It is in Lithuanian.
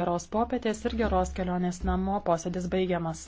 geros popietės ir geros kelionės namo posėdis baigiamas